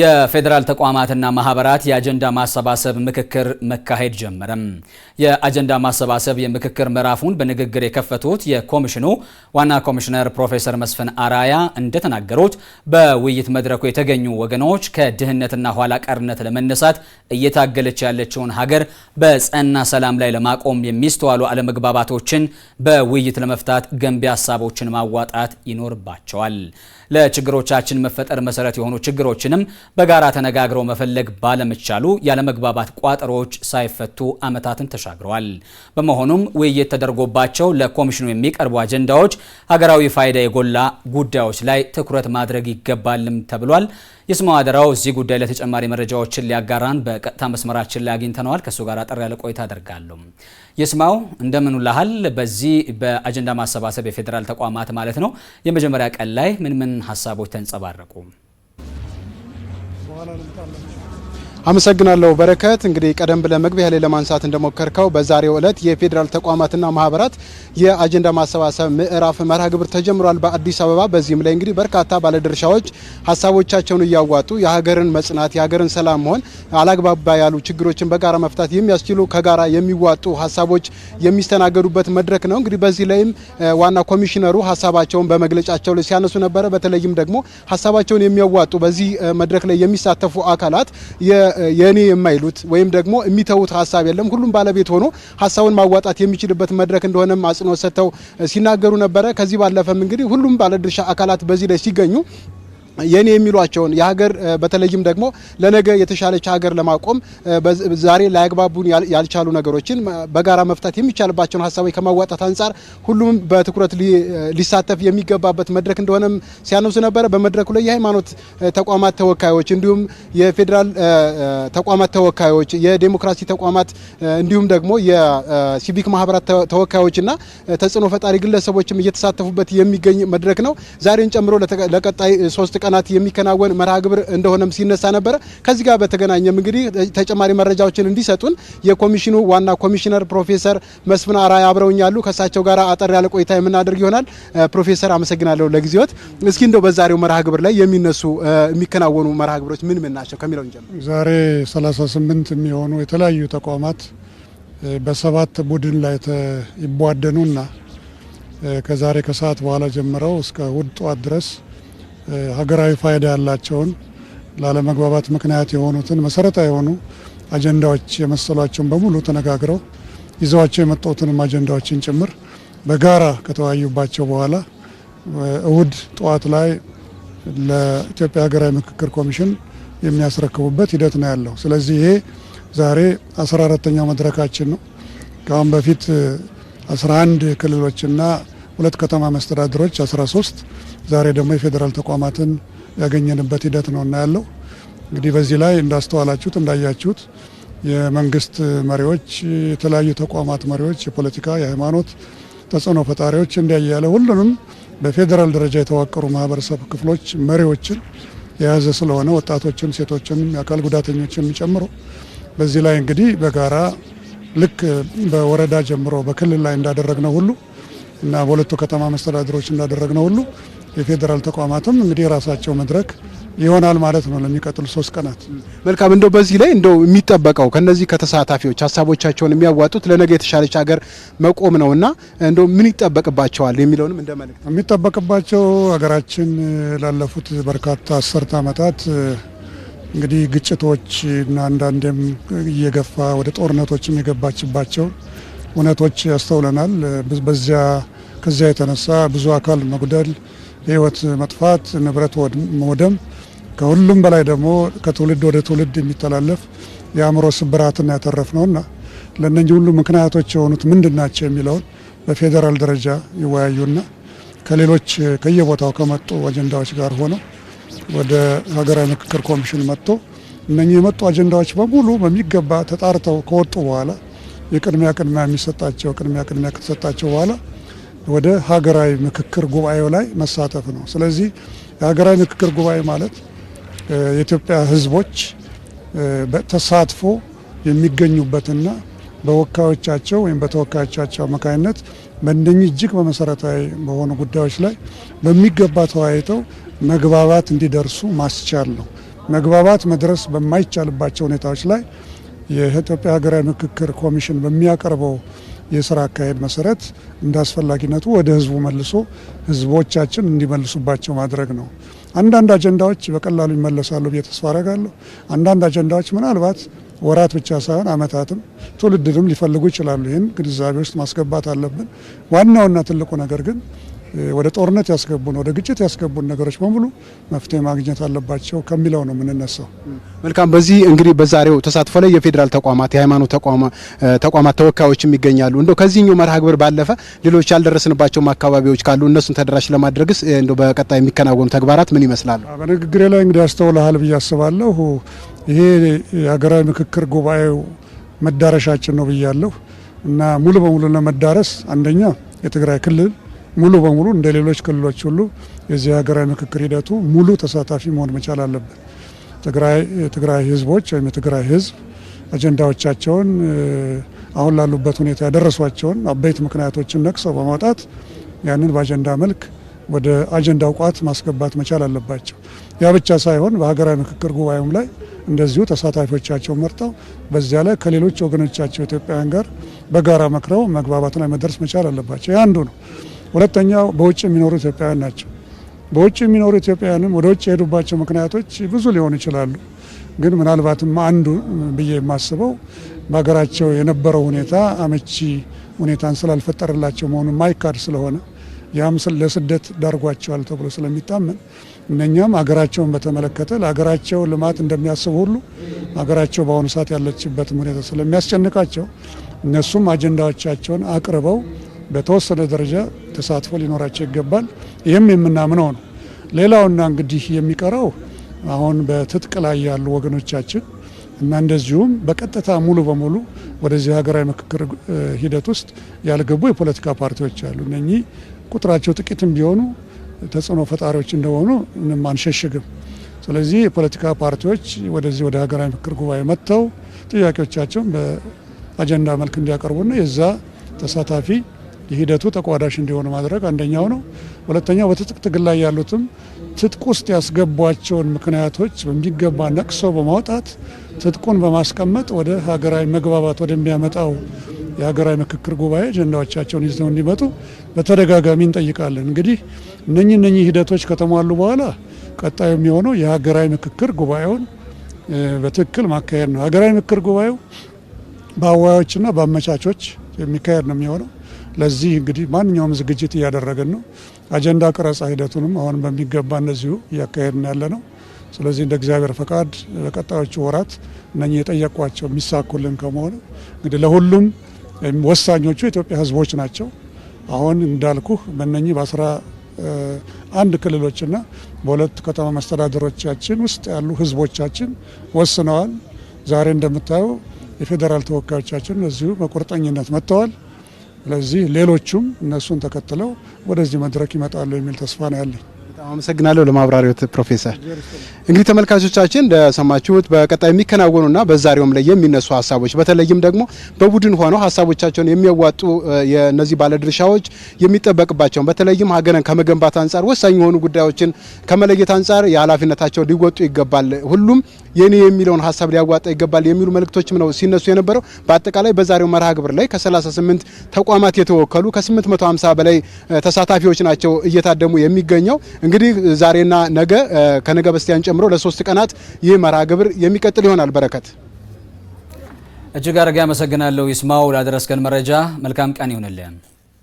የፌዴራል ተቋማትና ማህበራት የአጀንዳ ማሰባሰብ ምክክር መካሄድ ጀመረም። የአጀንዳ ማሰባሰብ የምክክር ምዕራፉን በንግግር የከፈቱት የኮሚሽኑ ዋና ኮሚሽነር ፕሮፌሰር መስፍን አራያ እንደተናገሩት በውይይት መድረኩ የተገኙ ወገኖች ከድህነትና ኋላ ቀርነት ለመነሳት እየታገለች ያለችውን ሀገር በጸና ሰላም ላይ ለማቆም የሚስተዋሉ አለመግባባቶችን በውይይት ለመፍታት ገንቢ ሀሳቦችን ማዋጣት ይኖርባቸዋል። ለችግሮቻችን መፈጠር መሰረት የሆኑ ችግሮችንም በጋራ ተነጋግረው መፈለግ ባለመቻሉ ያለመግባባት ቋጠሮዎች ሳይፈቱ ዓመታትን ተሻግረዋል። በመሆኑም ውይይት ተደርጎባቸው ለኮሚሽኑ የሚቀርቡ አጀንዳዎች ሀገራዊ ፋይዳ የጎላ ጉዳዮች ላይ ትኩረት ማድረግ ይገባልም ተብሏል። ይስማው አደራው እዚህ ጉዳይ ላይ ተጨማሪ መረጃዎችን ሊያጋራን በቀጥታ መስመራችን ላይ አግኝተነዋል። ከእሱ ጋር አጠር ያለ ቆይታ አደርጋለሁ። ይስማው እንደምን ውለሃል? በዚህ በአጀንዳ ማሰባሰብ የፌዴራል ተቋማት ማለት ነው የመጀመሪያ ቀን ላይ ምን ምን ሀሳቦች ተንጸባረቁ? አመሰግናለሁ በረከት። እንግዲህ ቀደም ብለህ መግቢያ ላይ ለማንሳት እንደሞከርከው በዛሬው ዕለት የፌዴራል ተቋማትና ማህበራት የአጀንዳ ማሰባሰብ ምዕራፍ መርሃ ግብር ተጀምሯል በአዲስ አበባ። በዚህም ላይ እንግዲህ በርካታ ባለድርሻዎች ሀሳቦቻቸውን እያዋጡ የሀገርን መጽናት፣ የሀገርን ሰላም መሆን፣ አላግባባ ያሉ ችግሮችን በጋራ መፍታት የሚያስችሉ ከጋራ የሚዋጡ ሀሳቦች የሚስተናገዱበት መድረክ ነው። እንግዲህ በዚህ ላይም ዋና ኮሚሽነሩ ሀሳባቸውን በመግለጫቸው ላይ ሲያነሱ ነበረ። በተለይም ደግሞ ሀሳባቸውን የሚያዋጡ በዚህ መድረክ ላይ የሚሳተፉ አካላት የኔ የማይሉት ወይም ደግሞ የሚተዉት ሀሳብ የለም። ሁሉም ባለቤት ሆኖ ሀሳቡን ማዋጣት የሚችልበት መድረክ እንደሆነም አጽንኦት ሰጥተው ሲናገሩ ነበረ። ከዚህ ባለፈም እንግዲህ ሁሉም ባለድርሻ አካላት በዚህ ላይ ሲገኙ የኔ የሚሏቸውን የሀገር በተለይም ደግሞ ለነገ የተሻለች ሀገር ለማቆም ዛሬ ላያግባቡን ያልቻሉ ነገሮችን በጋራ መፍታት የሚቻልባቸውን ሀሳቦች ከማዋጣት አንጻር ሁሉም በትኩረት ሊሳተፍ የሚገባበት መድረክ እንደሆነም ሲያነሱ ነበረ። በመድረኩ ላይ የሃይማኖት ተቋማት ተወካዮች እንዲሁም የፌዴራል ተቋማት ተወካዮች፣ የዴሞክራሲ ተቋማት እንዲሁም ደግሞ የሲቪክ ማህበራት ተወካዮችና ተጽዕኖ ፈጣሪ ግለሰቦችም እየተሳተፉበት የሚገኝ መድረክ ነው። ዛሬን ጨምሮ ለቀጣይ ሶስት ቀናት የሚከናወን መርሃ ግብር እንደሆነም ሲነሳ ነበረ። ከዚህ ጋር በተገናኘም እንግዲህ ተጨማሪ መረጃዎችን እንዲሰጡን የኮሚሽኑ ዋና ኮሚሽነር ፕሮፌሰር መስፍን አራያ አብረውኛሉ። ከእሳቸው ጋር አጠር ያለ ቆይታ የምናደርግ ይሆናል። ፕሮፌሰር አመሰግናለሁ ለጊዜዎት። እስኪ እንደው በዛሬው መርሃ ግብር ላይ የሚነሱ የሚከናወኑ መርሃ ግብሮች ምን ምን ናቸው ከሚለው እንጀምር። ዛሬ 38 የሚሆኑ የተለያዩ ተቋማት በሰባት ቡድን ላይ ይቧደኑና ከዛሬ ከሰዓት በኋላ ጀምረው እስከ እሁድ ጠዋት ድረስ ሀገራዊ ፋይዳ ያላቸውን ላለመግባባት ምክንያት የሆኑትን መሰረታዊ የሆኑ አጀንዳዎች የመሰሏቸውን በሙሉ ተነጋግረው ይዘዋቸው የመጣትንም አጀንዳዎችን ጭምር በጋራ ከተወያዩባቸው በኋላ እሁድ ጠዋት ላይ ለኢትዮጵያ ሀገራዊ ምክክር ኮሚሽን የሚያስረክቡበት ሂደት ነው ያለው። ስለዚህ ይሄ ዛሬ 14ተኛው መድረካችን ነው። ከአሁን በፊት 11 ክልሎችና ሁለት ከተማ መስተዳድሮች 13 ዛሬ ደግሞ የፌዴራል ተቋማትን ያገኘንበት ሂደት እና ያለው እንግዲህ በዚህ ላይ እንዳስተዋላችሁት እንዳያችሁት የመንግስት መሪዎች፣ የተለያዩ ተቋማት መሪዎች፣ የፖለቲካ የሃይማኖት ተጽዕኖ ፈጣሪዎች እንዲያያለ ሁሉንም በፌዴራል ደረጃ የተዋቀሩ ማህበረሰብ ክፍሎች መሪዎችን የያዘ ስለሆነ ወጣቶችን፣ ሴቶችን፣ የአካል ጉዳተኞችን ጨምሮ በዚህ ላይ እንግዲህ በጋራ ልክ በወረዳ ጀምሮ በክልል ላይ እንዳደረግነው ሁሉ እና በሁለቱ ከተማ መስተዳድሮች እንዳደረግነው ሁሉ የፌዴራል ተቋማትም እንግዲህ የራሳቸው መድረክ ይሆናል ማለት ነው ለሚቀጥሉ ሶስት ቀናት። መልካም እንደው በዚህ ላይ እንደው የሚጠበቀው ከነዚህ ከተሳታፊዎች ሀሳቦቻቸውን የሚያዋጡት ለነገ የተሻለች ሀገር መቆም ነው እና እንደው ምን ይጠበቅባቸዋል የሚለውንም እንደ መልእክት የሚጠበቅባቸው ሀገራችን ላለፉት በርካታ አስርት ዓመታት እንግዲህ ግጭቶች እና አንዳንዴም እየገፋ ወደ ጦርነቶች የገባችባቸው እውነቶች ያስተውለናል። በዚያ ከዚያ የተነሳ ብዙ አካል መጉደል፣ የህይወት መጥፋት፣ ንብረት መውደም፣ ከሁሉም በላይ ደግሞ ከትውልድ ወደ ትውልድ የሚተላለፍ የአእምሮ ስብራትን ያተረፍ ነውና ለእነኚህ ሁሉ ምክንያቶች የሆኑት ምንድን ናቸው የሚለውን በፌዴራል ደረጃ ይወያዩና ከሌሎች ከየቦታው ከመጡ አጀንዳዎች ጋር ሆነው ወደ ሀገራዊ ምክክር ኮሚሽን መጥቶ እነኚህ የመጡ አጀንዳዎች በሙሉ በሚገባ ተጣርተው ከወጡ በኋላ የቅድሚያ ቅድሚያ የሚሰጣቸው ቅድሚያ ቅድሚያ ከተሰጣቸው በኋላ ወደ ሀገራዊ ምክክር ጉባኤው ላይ መሳተፍ ነው። ስለዚህ የሀገራዊ ምክክር ጉባኤ ማለት የኢትዮጵያ ሕዝቦች ተሳትፎ የሚገኙበትና በወካዮቻቸው ወይም በተወካዮቻቸው አማካኝነት በእነኚህ እጅግ በመሰረታዊ በሆኑ ጉዳዮች ላይ በሚገባ ተወያይተው መግባባት እንዲደርሱ ማስቻል ነው። መግባባት መድረስ በማይቻልባቸው ሁኔታዎች ላይ የኢትዮጵያ ሀገራዊ ምክክር ኮሚሽን በሚያቀርበው የስራ አካሄድ መሰረት እንደ አስፈላጊነቱ ወደ ህዝቡ መልሶ ህዝቦቻችን እንዲመልሱባቸው ማድረግ ነው። አንዳንድ አጀንዳዎች በቀላሉ ይመለሳሉ ብዬ ተስፋ አረጋለሁ። አንዳንድ አጀንዳዎች ምናልባት ወራት ብቻ ሳይሆን አመታትም ትውልድንም ሊፈልጉ ይችላሉ። ይህን ግንዛቤ ውስጥ ማስገባት አለብን። ዋናውና ትልቁ ነገር ግን ወደ ጦርነት ያስገቡን ወደ ግጭት ያስገቡን ነገሮች በሙሉ መፍትሄ ማግኘት አለባቸው ከሚለው ነው የምንነሳው። መልካም። በዚህ እንግዲህ በዛሬው ተሳትፎ ላይ የፌዴራል ተቋማት፣ የሃይማኖት ተቋማት ተወካዮችም ይገኛሉ። እንደው ከዚህኛው መርሃ ግብር ባለፈ ሌሎች ያልደረስንባቸውም አካባቢዎች ካሉ እነሱን ተደራሽ ለማድረግስ እንደው በቀጣይ የሚከናወኑ ተግባራት ምን ይመስላሉ? በንግግሬ ላይ እንግዲህ አስተውለሃል ብዬ አስባለሁ። ይሄ የሀገራዊ ምክክር ጉባኤው መዳረሻችን ነው ብያለሁ እና ሙሉ በሙሉ ለመዳረስ አንደኛ የትግራይ ክልል ሙሉ በሙሉ እንደ ሌሎች ክልሎች ሁሉ የዚህ ሀገራዊ ምክክር ሂደቱ ሙሉ ተሳታፊ መሆን መቻል አለብን። የትግራይ ህዝቦች ወይም የትግራይ ህዝብ አጀንዳዎቻቸውን አሁን ላሉበት ሁኔታ ያደረሷቸውን አበይት ምክንያቶችን ነቅሰው በማውጣት ያንን በአጀንዳ መልክ ወደ አጀንዳ እውቋት ማስገባት መቻል አለባቸው። ያ ብቻ ሳይሆን በሀገራዊ ምክክር ጉባኤውም ላይ እንደዚሁ ተሳታፊዎቻቸው መርጠው በዚያ ላይ ከሌሎች ወገኖቻቸው ኢትዮጵያውያን ጋር በጋራ መክረው መግባባት ላይ መድረስ መቻል አለባቸው። ያ አንዱ ነው። ሁለተኛው በውጭ የሚኖሩ ኢትዮጵያውያን ናቸው። በውጭ የሚኖሩ ኢትዮጵያውያንም ወደ ውጭ የሄዱባቸው ምክንያቶች ብዙ ሊሆኑ ይችላሉ። ግን ምናልባትም አንዱ ብዬ የማስበው በሀገራቸው የነበረው ሁኔታ አመቺ ሁኔታን ስላልፈጠረላቸው መሆኑን ማይካድ ስለሆነ ያም ለስደት ዳርጓቸዋል ተብሎ ስለሚታመን እነኛም ሀገራቸውን በተመለከተ ለሀገራቸው ልማት እንደሚያስቡ ሁሉ ሀገራቸው በአሁኑ ሰዓት ያለችበትም ሁኔታ ስለሚያስጨንቃቸው እነሱም አጀንዳዎቻቸውን አቅርበው በተወሰነ ደረጃ ተሳትፎ ሊኖራቸው ይገባል። ይህም የምናምነው ነው። ሌላውና እንግዲህ የሚቀረው አሁን በትጥቅ ላይ ያሉ ወገኖቻችን እና እንደዚሁም በቀጥታ ሙሉ በሙሉ ወደዚህ ሀገራዊ ምክክር ሂደት ውስጥ ያልገቡ የፖለቲካ ፓርቲዎች አሉ። እነኚህ ቁጥራቸው ጥቂትም ቢሆኑ ተጽዕኖ ፈጣሪዎች እንደሆኑ ምንም አንሸሽግም። ስለዚህ የፖለቲካ ፓርቲዎች ወደዚህ ወደ ሀገራዊ ምክክር ጉባኤ መጥተው ጥያቄዎቻቸውን በአጀንዳ መልክ እንዲያቀርቡና የዛ ተሳታፊ የሂደቱ ተቋዳሽ እንዲሆን ማድረግ አንደኛው ነው። ሁለተኛው በትጥቅ ትግል ላይ ያሉትም ትጥቅ ውስጥ ያስገቧቸውን ምክንያቶች በሚገባ ነቅሶ በማውጣት ትጥቁን በማስቀመጥ ወደ ሀገራዊ መግባባት ወደሚያመጣው የሀገራዊ ምክክር ጉባኤ አጀንዳዎቻቸውን ይዘው እንዲመጡ በተደጋጋሚ እንጠይቃለን። እንግዲህ እነኚህ እነኚህ ሂደቶች ከተሟሉ በኋላ ቀጣዩ የሚሆነው የሀገራዊ ምክክር ጉባኤውን በትክክል ማካሄድ ነው። ሀገራዊ ምክክር ጉባኤው በአዋዮችና በአመቻቾች የሚካሄድ ነው የሚሆነው ለዚህ እንግዲህ ማንኛውም ዝግጅት እያደረግን ነው። አጀንዳ ቀረጻ ሂደቱንም አሁን በሚገባ እንደዚሁ እያካሄድን ያለ ነው። ስለዚህ እንደ እግዚአብሔር ፈቃድ በቀጣዮቹ ወራት እነኚህ የጠየቋቸው የሚሳኩልን ከመሆኑ እንግዲህ ለሁሉም ወሳኞቹ የኢትዮጵያ ሕዝቦች ናቸው። አሁን እንዳልኩህ በእነኚህ በአስራ አንድ ክልሎችና በሁለት ከተማ መስተዳደሮቻችን ውስጥ ያሉ ሕዝቦቻችን ወስነዋል። ዛሬ እንደምታየው የፌዴራል ተወካዮቻችን እዚሁ በቁርጠኝነት መጥተዋል። ስለዚህ ሌሎቹም እነሱን ተከትለው ወደዚህ መድረክ ይመጣሉ የሚል ተስፋ ነው ያለኝ። አመሰግናለሁ ለማብራሪያዎት ፕሮፌሰር። እንግዲህ ተመልካቾቻችን እንደሰማችሁት በቀጣይ የሚከናወኑና በዛሬውም ላይ የሚነሱ ሀሳቦች በተለይም ደግሞ በቡድን ሆነው ሀሳቦቻቸውን የሚያዋጡ የእነዚህ ባለድርሻዎች የሚጠበቅባቸውን በተለይም ሀገርን ከመገንባት አንጻር ወሳኝ የሆኑ ጉዳዮችን ከመለየት አንጻር የኃላፊነታቸው ሊወጡ ይገባል፣ ሁሉም የኔ የሚለውን ሀሳብ ሊያዋጣ ይገባል የሚሉ መልእክቶችም ነው ሲነሱ የነበረው። በአጠቃላይ በዛሬው መርሃ ግብር ላይ ከ38 ተቋማት የተወከሉ ከ850 በላይ ተሳታፊዎች ናቸው እየታደሙ የሚገኘው። እንግዲህ ዛሬና ነገ ከነገ በስቲያን ጨምሮ ለሶስት ቀናት ይህ መርሃ ግብር የሚቀጥል ይሆናል። በረከት እጅግ አድርጌ አመሰግናለሁ ይስማው ላደረስከን መረጃ። መልካም ቀን ይሁንልን።